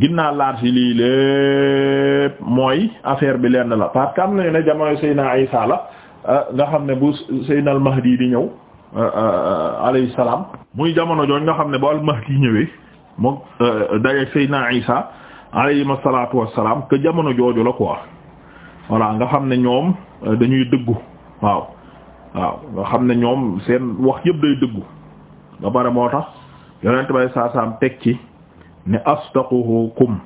ginnaa large lii lépp mooy affaire bi lenn la parce que am na ñu ne jamonoy Seydina Isa la euh, nga xam ne bu Seydina al di ñëw euh, euh, alayhi salaam muy jamono jooju nga xam ne bu al Mahdi ñëwee moom dajeeg Seydina Isa alayhim asalatu salaam que jamono jooju la quoi voilà nga xam ne ñoom euh, dañuy dëggu waaw nga xam ne ñoom seen wax yëpp day dëggu ba pare moo tax yonent bay saasaam teg ci ne asdaqukum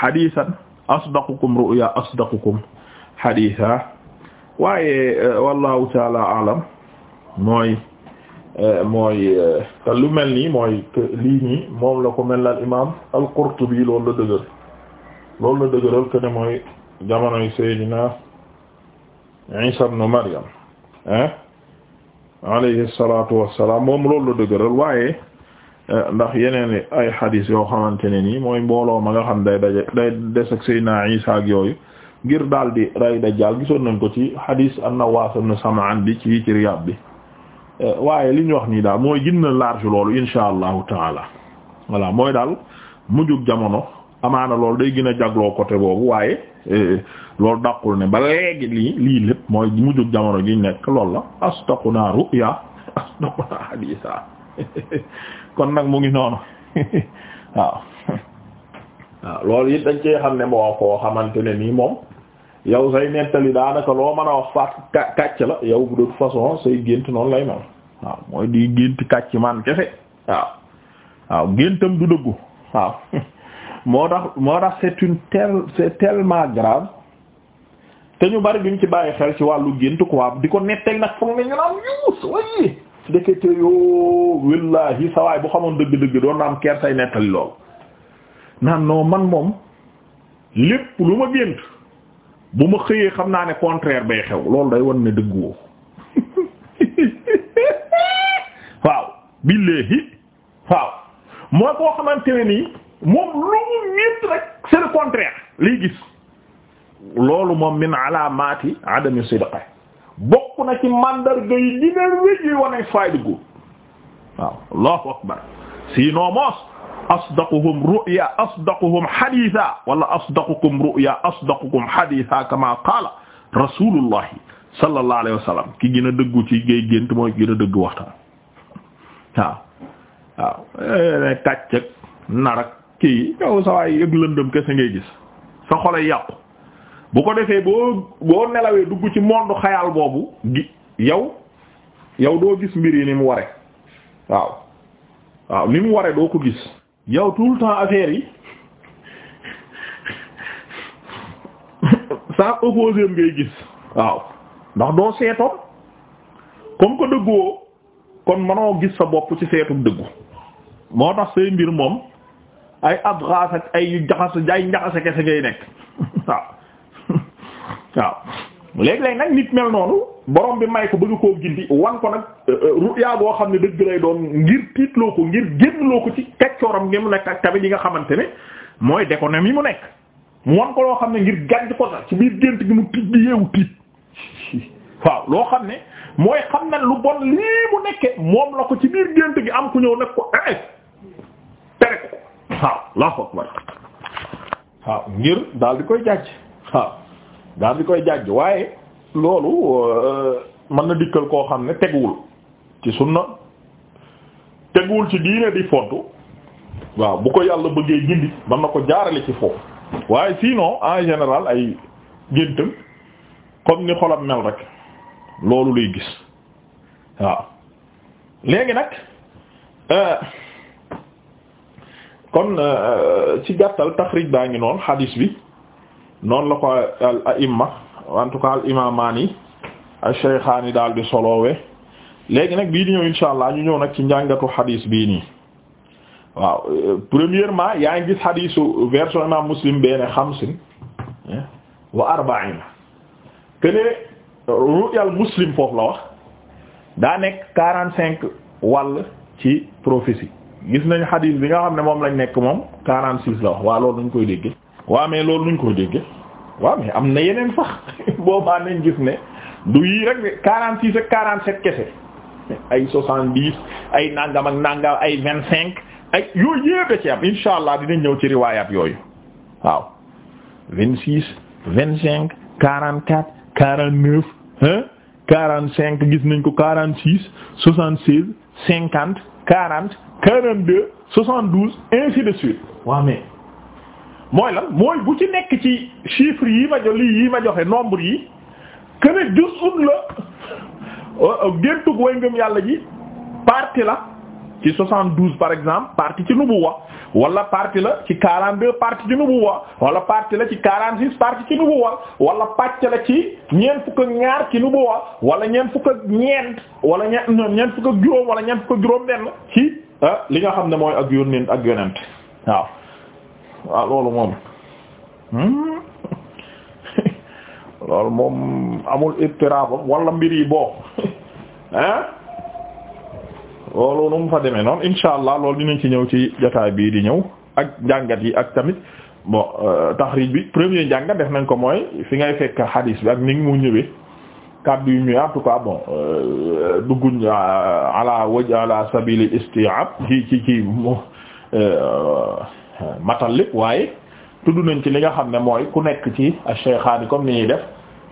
xadiisan euh, euh, asdaqukum ru'ya asdaqukum xadiisa waaye wallahu taala alam mooy Euh, mooy euh, te lu mel nii mooy lii nii moom la ko mel na al imaam al-Qurtubi loolu la dëgër loolu la dëgëral que ne mooy jamonoy Seydina Isa ibn Maryam ah alayhi salaatu wassalaam moom loolu la dëgëral waaye euh, ndax yeneen ay xadiis yoo xamante ne nii mooy mbooloo ma nga xam day daje day des ak Seydina Isa yooyu ngir daal di rey Dajjaal gisoon nañ ko ci xadiis an-Nawaas ibn Sam'aan bi ci ci Riyaad bi Euh, waaye li ñu wax nii daal mooy gën na large loolu insha allahu taala voilà mooy daal mujjug jamono amaana loolu day gën a jagloo côté boobu waaye euh, loolu daqul ne ba léegi lii lii lépp mooy mujjug jamono gi nekk loolu la astaquna ru'ya astaquna hadisa [LAUGHS] kon nag mu ngi noonu [LAUGHS] waaw [LAUGHS] waaw loolu it dañ cee xam ne moo koo xamante ne nii moom yow say nettali daanaka loo mën a wax faat ka- kàcc la yow bu de façon say gént noonu lay mel waaw mooy di gént kàcc man kese waaw waaw géntam du dëggu waaw [LAUGHS] moo tax moo tax c'est une telle grave te ñu bari duñ ci bàyyi xel ci wàllu gént quoi di ko nettali nag foog ne ñu naan yuus wayi ndekete yoo wallaahi sa waay bu xamoon dëgg-dëgg doon na am say nettali lool naan non man moom lépp lu ma gént bu ma xëyee xam naa ne contraire bay xew day wan dëggu woo [LAUGHS] waaw billahi waaw mooy koo xamante moom lu mu ñett rek c'est le contraire liy gis loolu moom min alaamati adami sidqa bokk na ci mandarga yi dina wéj yi wane fay dëggu waaw asdaquhum ru'ya asdaquhum haditha wala asdaqukum ru'ya asdaqukum haditha kama qaala rasulullahi sallallahu alayhi wa ki gën dëggu ci ngay gént mooy gën a dëggu waxtaan waaw waaw ne kàccak narak kii yow sa yëg lëndëm kese ngay gis sa xolay yàqu bu ko defee boo boo nelawee dugg ci monde xayaal boobu gi yow doo gis mbir yi ni mu ware waaw waaw ni mu ware doo ko gis yow tout le temps affaire yi sa opposé ngay gis waaw ndax doo seetoon comme que dëggoo kon mënoo gis sa bopp ci seetu dëggu moo tax say mbir moom ay adras ak ay jaxas ay njaxase kese ngay nekk [LAUGHS] waaw waaw léeg-léeg nag nit mel noonu borom bi may ko bëgg koo gindi wan ko nag euh, euh, ruyaa boo xam ne dëgg lay doon ngir tiitloo ko ngir génnloo ko ci kaccooram ngi mu nekk ak tamit yi nga xamante ne mooy déconné mi mu nekk wan ko loo xam ne ngir gànj ko sax ci biir gént gi mu tiit di yeewu tiit [LAUGHS] waaw loo xam ne mooy xam na lu bon lii mu nekke moom la ko ci biir gént gi am ku ñëw nekk ko ee eh, tere ko waaw laa foog waaw ngir daal di koy jàjj waaw daal di koy jàjj waaye loolu euh, mën na dikkal koo xam ne teguwul ci sunna teguwul ci diine di fontu waaw bu ko yàlla bëggee gindi mën na ko jaarale ci foofu waaye noo en général ay géntam comme ni xolam mel rek loolu luy gis waaw léegi nag euh, kon euh, ci gàttal taxrij baa ngi noonu xadiis bi noonu la ko al aimma en tout cas al imamaani al shaykhaani daal di soloowe léegi nag bii di ñëw insha allah ñu ñëw nag ci njàngatu xadiis bii nii waaw premièrement yaa ngi gis xadiisu version imam muslim benn xamsin eh, wa arbaina kene ru'yal muslim foofu la wax daa nekk quarante cinq wàll ci prophétie gis nañ xadiis bi nga xam ne moom lañ nekk moom quarante six la wax waa loolu dañ koy dégg waaw mais loolu nuñ ko dégge waaw mais am na yeneen sax [LAUGHS] boobaa nañ gis ne du yii rek de quarante six ak quarante sept kese ay soixante dix ay nangam ak nangam ay vingt cinq ay yooyu yépp ci am insha allah dinañ ñëw ci riwaayaat yooyu waaw vingt six vingt cinq quarante quatre quarante neuf hein quarante cinq gis nañ ko quarante six soixante seize cinquante quarante quarante deux soixante douze ainsi de suite waaw mais mooy lan mooy bu ci nekk ci chiffres yi ma jox lii yi ma joxe nombre yi que ne juz'un la euh, géntug way ngëm yàlla ji parti la ci soixante douze par exemple partie ci nubuwa wala partie la ci quarante deux partie ci nubuwa wala partie la ci quarante six partie ci nubuwa wala pàcc la ci ñeent fukk ak ñaar ci nubuwa wala ñeent fukk ak ñeent wala ñeent ñeent fukk ak wala ñeent fukk ak juróom benn ci euh, li nga xam ne mooy ak yónnent ak yonent waaw waaw ah, loolu moom hmm? [LAUGHS] loolu moom amul ittirabam wala mbir yi boo ah [LAUGHS] loolu nu mu fa demee noonu insha allah loolu dinañ ci ñëw ci jotaay bii di ñëw ak njàngat yi ak tamit bon euh, taxrij bi premier njàngat def nañ ko mooy fi ngay fekk hadis bi ak ni mu ñëwee kàddu yu ñëwee en tout cas bon euh, dugguñ euh, ala waj ala sabili istiab ci ci ci matal lépp waaye tudd nañ ci li nga xam ne mooy ku nekk ci ash-shaykhaani comme ni ñuy def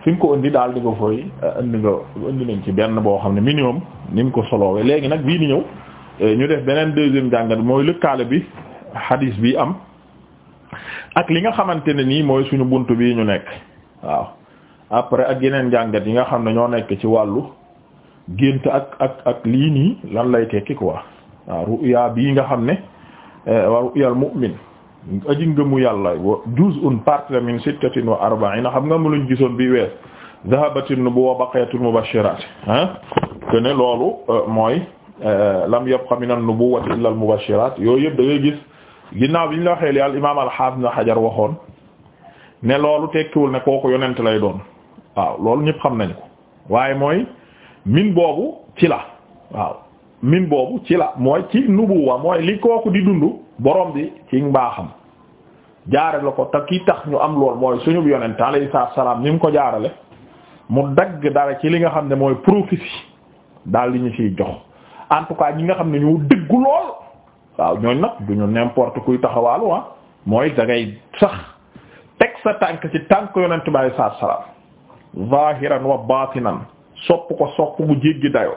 fi ko indi daal di ko fooy eh, indi nga indi nañ ci benn boo xam ne minimum ni ko soloowe léegi nag bii di ñëw eh, ñu def beneen deuxième jàngat mooy lëkkaale bi hadis bi am ak li nga xamante ne nii mooy suñu bunt bii ñu nekk waaw après ak yeneen jàngat yi nga xam ne ñoo nekk ci wàllu gént ak ak ak lii nii lan lay tekki quoi waaw ruya bii nga xam ne Eh, wa ru'yal mu'min aji mu yàlla wa juz'un partie la min sittatin wa arba'in xam nga mu ñu gisoon bi wees dhahabatin nubuwwa baqiyatul mubashirat ah que ne loolu eh, mooy eh, lam yabqa min an-nubuwwati illa al-mubashirat yooyu yëpp da ngay gis ginnaaw bi ñu la waxee li al imaam al-hafiz na xajar waxoon ne loolu tekkiwul ne kooku yonent lay doon waaw loolu ñëpp xam nañ ko waaye mooy min boobu ci la waaw min boobu ci la mooy ci nubuwa mooy li koo kooku di dund borom bi ci mbaaxam jaare la ko te ki tax ñu am lool mooy suñu yonent alayhi salaam ni mu ko jaarale mu dagg dara ci li nga xam ne mooy prophétie daal li ñu ciy jox en tout nga xam ne ñu dëggu lool waaw ñooñ nag duñu n'importe kuy taxawaalu ah mooy da ngay sax teg sa tànk ci tànk yonent bi alayhi salaam zahiran wa batinan sopp ko sopp bu jéggi dayo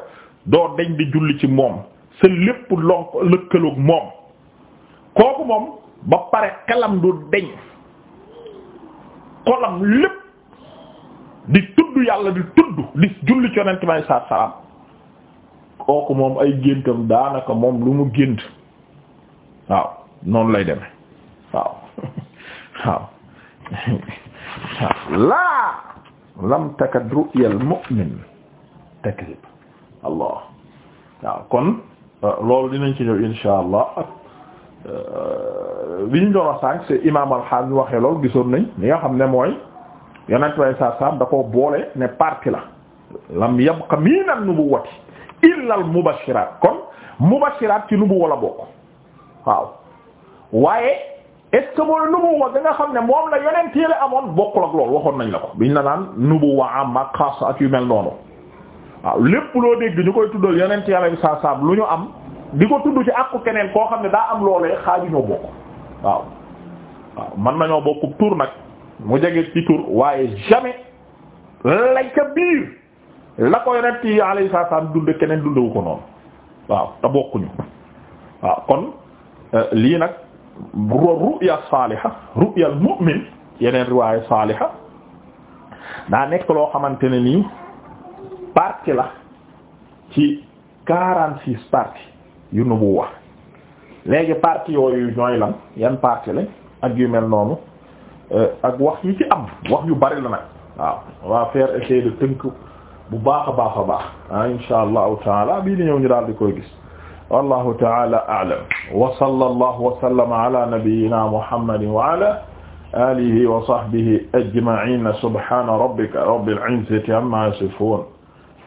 doo deñ di julli ci moom sa lépp lonk lëkkaloog moom kooku moom ba pare xelam du deñ xolam lépp di tudd yàlla di tudd di julli ci yonent bi salaam kooku moom ay géntam daanaka moom lu mu gént waaw noonu lay deme [LAUGHS] [LAUGHS] waaw laa lam takat ru'yal mu'min takrib allah waaw kon euh, loolu dinañ ci ñëw insha allah ak euh, ñu doon wax sànq c'est imam alxaam waxee loolu gisoon nañ li nga xam ne mooy yonent way sa sam da ko boole ne parti la lam yabqa min an-nubuwwati illa al-mubashiraat kon mubashiraat ci nubuwa la bokk waaw waaye est-ce que mooy xam ne moom la yonent yi amoon bokkul ak loolu waxoon nañ la ko biñ la naan nubuwa am ak xaas ak yu mel noonu waaw lépp loo dégg ñu koy tuddal yonent yàlla bi saa lu ñu am di ko tudd ci àqu keneen koo xam ne daa am loolee xaaju ñoo bokk waaw waaw mën nañoo bokk tur nag mu jege ci tur waaye jamais lay ca biir la ko yonent yàlla bi saa saam keneen dundewu ko noonu waaw te bokkuñu waaw kon euh, lii nag ru'ya saaliha ru'ya al mu'min yeneen riwaaye saaliha daa nekk loo xamante ne nii partie la ci quarante six partie yu nubuwa léegi partie yooyu ñooy lan yan partie lañ ak yu mel noonu euh, ak wax yu ci am wax yu bari la nag waaw on va faire essayer de tënk bu baax a baax a baax ah insha allahu taala bii di ñëw ñu daal di koy gis wallahu taala a'lam wa sallallahu wa sallama ala nabiyyina muhammadin wa ala alihi wa sahbihi ajma'in subhana rabbika rabbil izzati amma yasifun